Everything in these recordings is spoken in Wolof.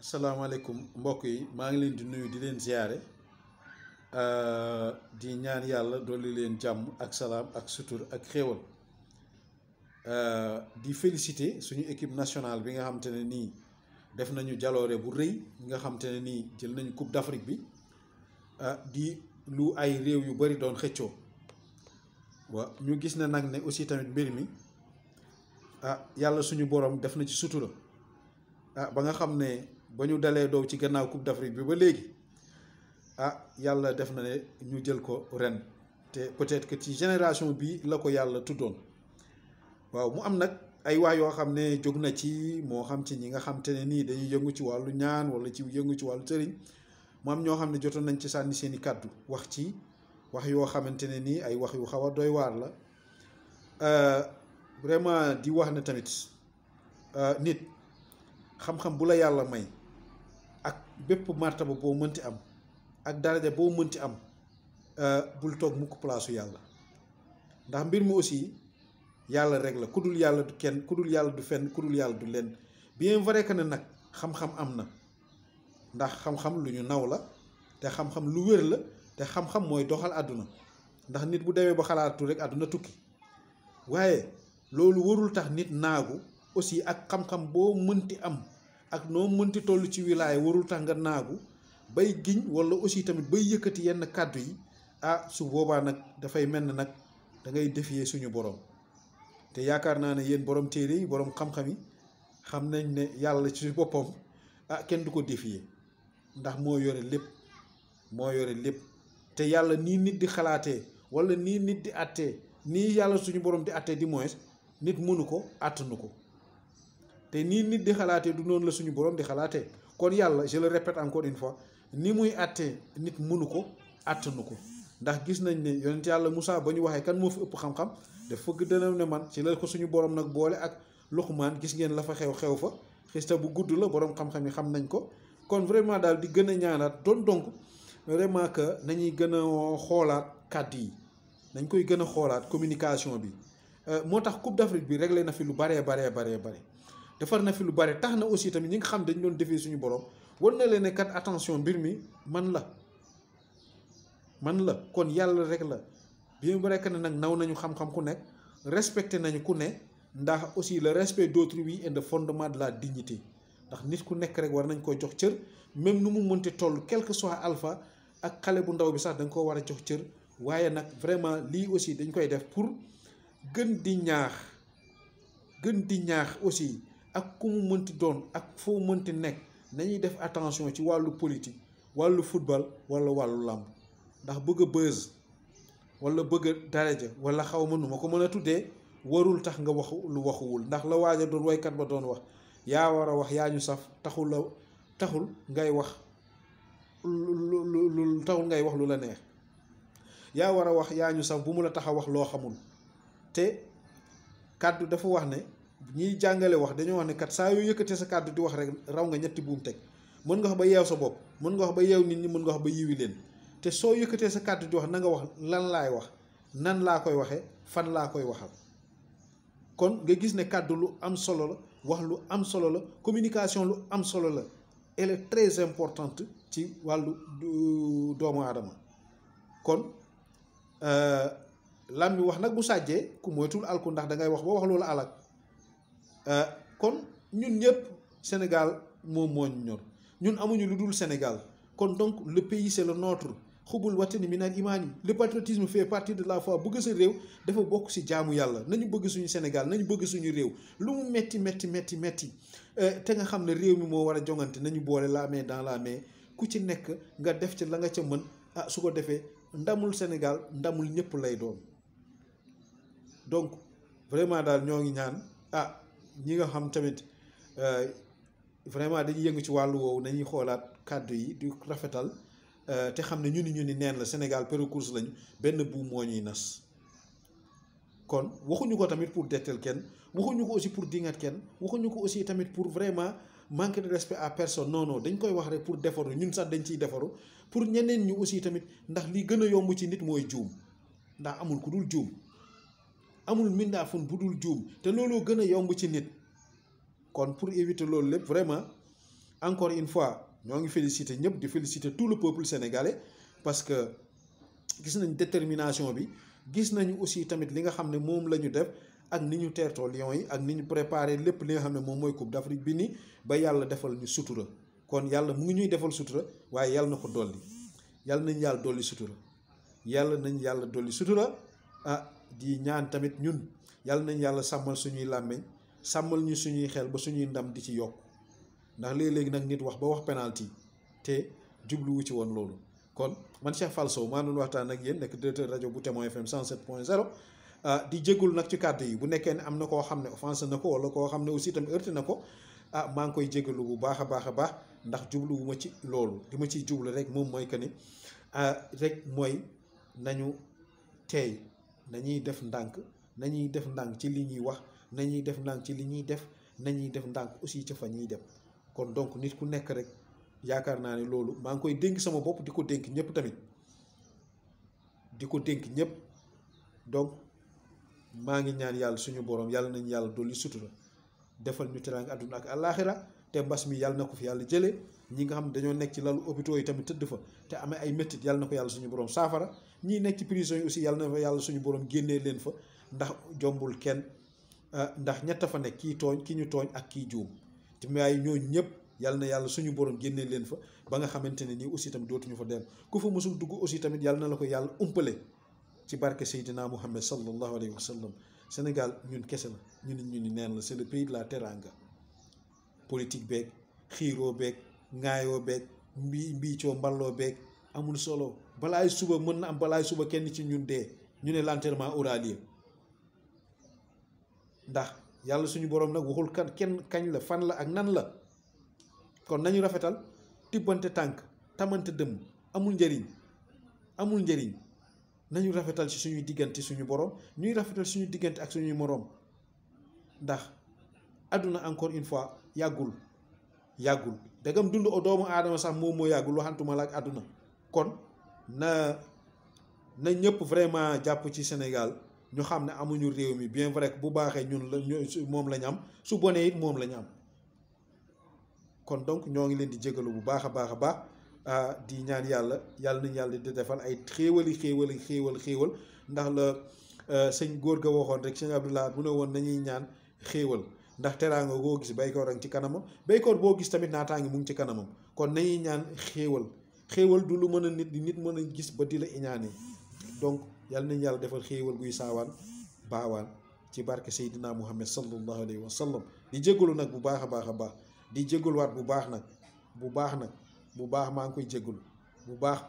asalaamaaleykum mbokk yi maa ngi leen di nuyu di leen ziyaare uh, di ñaan yàlla dolli leen jàmm ak salaam ak sutur ak xéewal uh, di féliciter suñu équipe nationale bi nga xam te ne nii def nañu jaloore bu rëy nga xam te ne nii jël nañu coupe d'Afrique bi uh, di lu ay réew yu bari doon xëccoo waaw ñu gis ne nag ne aussi tamit mbir mi ah yàlla suñu borom def na ci sutura ba nga xam ne. ba ñu dalee doow ci gannaaw coupe d'Afrique bi ba léegi ah yàlla def na ne ñu jël ko ren te peut-être que ci génération bi la ko yàlla tuddoon waaw mu am nag ay wax yoo xam ne jóg na ci moo xam ci ñi nga xam ne nii dañuy yëngu ci wàllu ñaan wala ci yëngu ci wàllu sëriñ mu ñoo xam ne jotoon nañ ci sànni seeni i kàddu wax ci wax yoo xamante ne nii ay wax yu xaw a doy waar la euh, vraiment di wax ne tamit euh, nit xam-xam bu la yàlla may bépp martaba boo mënti am ak daraja boo mënti am euh, bul toog mukk palaasu yàlla ndax mbir mu aussi yàlla rek la ku dul yàlla du kenn kudul yàlla du fenn ku yàlla du lenn bien vrai que ne nag xam-xam am na ndax xam-xam lu ñu naw la te xam-xam lu wér la te xam mooy doxal àdduna ndax nit bu demee ba xalaatu rek àdduna tukki waaye loolu warul tax nit naagu aussi ak xam-xam boo mënti am ak noo mënti toll ci wilaaya warul tax nga naagu bay giñ wala aussi tamit bay yëkkati yenn kàddu yi ah su boobaa nag dafay mel ne nag da ngay défier suñu borom te yaakaar naa ne yéen borom téere yi borom xam-xam yi xam nañ ne yàlla ci boppam ah kenn du ko défier ndax moo yore lépp moo yore lépp te yàlla nii nit di xalaatee wala nii nit di àttee nii yàlla suñu borom di àttee di moins nit mënu ko àttanu ko. te nii nit di xalaatee du noonu la suñu borom di xalaatee kon yàlla je le répète encore une fois ni muy àttee nit munu ko àttanu ko ndax gis nañ ne yonent yàlla musaa ba ñu waxee kan moo fi ëpp xam-xam daf fëgg dënam ne man ci la ko suñu borom nag boole ak Luqmaan gis ngeen la fa xew xew fa xista bu gudd la borom xam-xam yi xam nañ ko kon vraiment daal di gën a ñaanaat doon donc vraiment que nañuy gën a xoolaat kàddu yi nañ koy gën a xoolaat communication bi euh, moo tax Coupe d'Afrique bi réglé na fi lu baree baree baree bare defar na fi lu bare tax na aussi tamit ñi nga xam dañu doon defee suñu borom war na leen ne kat attention mbir mi man la man la kon yàlla rek la bien vrai que ne nag naw nañu xam-xam ku nekk respecté nañu ku ne ndax aussi la respect d'autrui est le fondement de la dignité ndax nit ku nekk rek war nañ ko jox cër même nu mu mënti toll quel que soit alpha ak xale bu ndaw bi sax dañ ko war a jox cër waaye nag vraiment lii aussi dañ koy def pour gën di ñaax gën di ñaax aussi ak ku mu mënti doon ak foo mënti nekk nañuy def attention ci wàllu politique wàllu football wala wàllu làmb ndax bëgg a buzz wala bëgg daraja wala xaw mënuma ko mën a tuddee warul tax nga waxu lu waxuwul ndax la waaja doon woykat ba doon wax yaa war a wax yaa ñu saf taxul ngay wax lu lu taxul ngay wax lu la neex yaa war a wax yaa ñu saf bu mu la tax a wax loo xamul te kàddu dafa wax ne. ñiy jàngale wax dañoo wax ne kat saa yoo yëkkatee sa kàddu di wax rek raw nga ñetti buum teg mën nga wax ba yeew sa bopp mën nga wax ba yeew nit ñi mën nga wax ba yiwi leen te soo yëkkatee sa kàddu di wax nanga nga wax lan laay wax nan laa koy waxee fan laa koy wax waxal kon nga gis ne kàddu lu am solo la wax lu am solo la communication lu am solo la elle est très ci wàllu doomu aadama kon euh, lam bi wax nag bu sàjjee ku moytul alku ndax da ngay wax ba wax loolu alak Euh, kon ñun ñëpp Sénégal moom moo ñor ñun amuñu lu dul Sénégal kon donc le pays c'est le nôtre xubul watani minal imaan yi le patriotisme fait partie de la fois bëgg sa réew dafa bokk si jaamu yàlla nañu bëgg suñu Sénégal nañu bëgg suñu réew lu mu metti metti metti metti euh, te nga xam ne réew mi moo war a jongante nañu boole la main dans la main ku ci nekk nga def ci la nga ca mën ah su ko defee ndamul Sénégal ndamul ñëpp lay doon donc vraiment daal ñoo ngi ñi nga xam tamit euh, vraiment dañuy yëngu ci wàll woowu nañuy xoolaat kàddu yi du rafetal euh, te xam ne ñu ni ñu ni neen la Sénégal péricurse lañu benn bu moo ñuy nas kon waxuñu ko tamit pour dettel kenn waxuñu ko aussi pour dingat kenn waxuñu ko aussi tamit pour vraiment manque de respect à personne non dañ koy wax rek pour defaru ñun sax dañ ciy defaru pour ñeneen ñu aussi tamit ndax li gën a yomb ci nit mooy juum ndax amul ku dul juum amul mindaafun bu dul juum te looloo gën a yomb ci nit kon pour éviter loolu lépp vraiment encore une fois ñoo ngi féliciter ñëpp di féliciter tout le peuple sénégalais parce que gis nañ détermination bi gis nañu aussi tamit li nga xam ne moom la ñu def ak ni ñu teertoo Lions yi ak ni ñu préparé lépp li nga xam ne moom mooy Coupe d'Afrique bi ni ba yàlla defal ñu sutura kon yàlla mu ngi ñuy defal sutura waaye yàlla na ko dolli yàlla nañ yàlla dolli sutura yàlla nañ yàlla dolli sutura ah di ñaan tamit ñun yàlla nañ yàlla sàmmal suñuy làmmiñ sàmmal ñu suñuy xel ba suñuy ndam di ci yokk ndax léeg-léegi nag nit wax ba wax penalty te jubluwu ci woon loolu kon man Cheikh Fall Sow maa doon waxtaan ak yéen nekk directeur rajo bu Témoin FM 107 point 0 ah, di jégalu nag ci kàddu yi bu nekkee ne am na koo xam ne offensé na ko wala koo xam ne aussi tamit heurté na ko ah maa ngi koy jégalu bu baax a baax a baax ndax jubluwu ma ci loolu li ma ciy jublu rek moom mooy que ni ah, rek mooy nañu teey nañuy def ndànk nañuy def ndànk ci li ñuy wax nañuy def ndànk ci li ñuy def nañuy def ndànk aussi ca fa ñuy dem kon donc nit ku nekk rek yaakaar naa ne loolu maa ngi koy dénk sama bopp di ko dénk ñëpp tamit di ko dénk ñëpp donc maa ngi ñaan yàlla suñu borom yàlla nañ yàlla dolli sutura defal ñu teraanga àdduna ak àllaaxira te mbas mi yàlla na ko fi yàlla jëlee ñi nga xam dañoo nekk ci lalu hôpitaux yi tamit tëdd fa te amee ay méttit yàlla na ko yàlla suñu borom saafara ñi nekk ci prison yi aussi yàlla na fa fa ndax jombul kenn euh, ndax ñett fa nekk kii tooñ ki ñu tooñ ak kii juum te may ñooñu ñëpp yàlla na yàlla suñu boroom génnee leen fa ba nga xamante ne nii aussi tamit dootuñu fa dem ku fa mosul dugg aussi tamit yàlla na la ko yàlla umpale ci barke Seydina Muhammad sallallahu alayhi wa sallam Sénégal ñun kese la ñu ni ñu ni neen la c'est le pays de la teranga politique beeg xiiroo beeg ŋaayoo beeg mbi mbiicoo mballoo beeg amul solo balaa suba mën na am balaa suba kenn ci ñun dee ñu ne l'enterrement aura ndax yàlla suñu boroom nag waxul kan kenn kañ la fan la ak nan la kon nañu rafetal tibbante tànk tamante dëmm amul njëriñ amul njëriñ nañu rafetal ci suñuy diggante suñu boroom ñuy rafetal suñu diggante ak suñuy moroom ndax àdduna encore une fois yàggul yàggul dagam dund doomu aadama sax moom moo yàggul waxantuma la ak àdduna kon na na ñëpp vraiment jàpp ci Sénégal ñu xam ne amuñu réew mi bien vrai que bu baaxee ñun la moom lañu am su bonee it moom lañ am kon donc ñoo ngi leen di jégalu bu baax a baax a baax ah, di ñaan yàlla yàlla nañu yàlla di defal ay xéewali xéewali xéewal xéewal ndax la eh, sëñ góor ga waxoon rek sëñ Abdoulaye bu ne woon nañuy ñaan xéewal ndax teraanga goo gis baykoor a ci kanamam baykoor boo gis tamit ngi mu ngi ci kanamam kon nañuy ñaan xéewal xéewal du lu mën a nit di nit mën a gis ba di la iñaane donc yàlla nañ yàlla defal xéewal guy saawaan baawaan ci barke Seydina Muhammad sallallahu alayhi wa sallam di jégalu nag bu baax a baax a baax di jégaluwaat bu baax nag bu baax nag bu baax maa ngi koy jégalu bu baax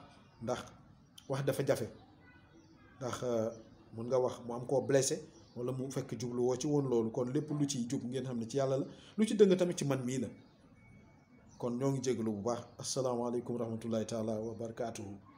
ndax wax dafa jafe ndax euh, mun nga wax mu am koo blessé wala mu fekk jublu woo ci woon loolu kon lépp lu ciy jub ngeen xam ne ci yàlla la lu ci dëng tamit ci man mii la kon ñoo ngi jégalu bu baax asalaamaaleykum wa rahmatullahi taala wa barakaatuhu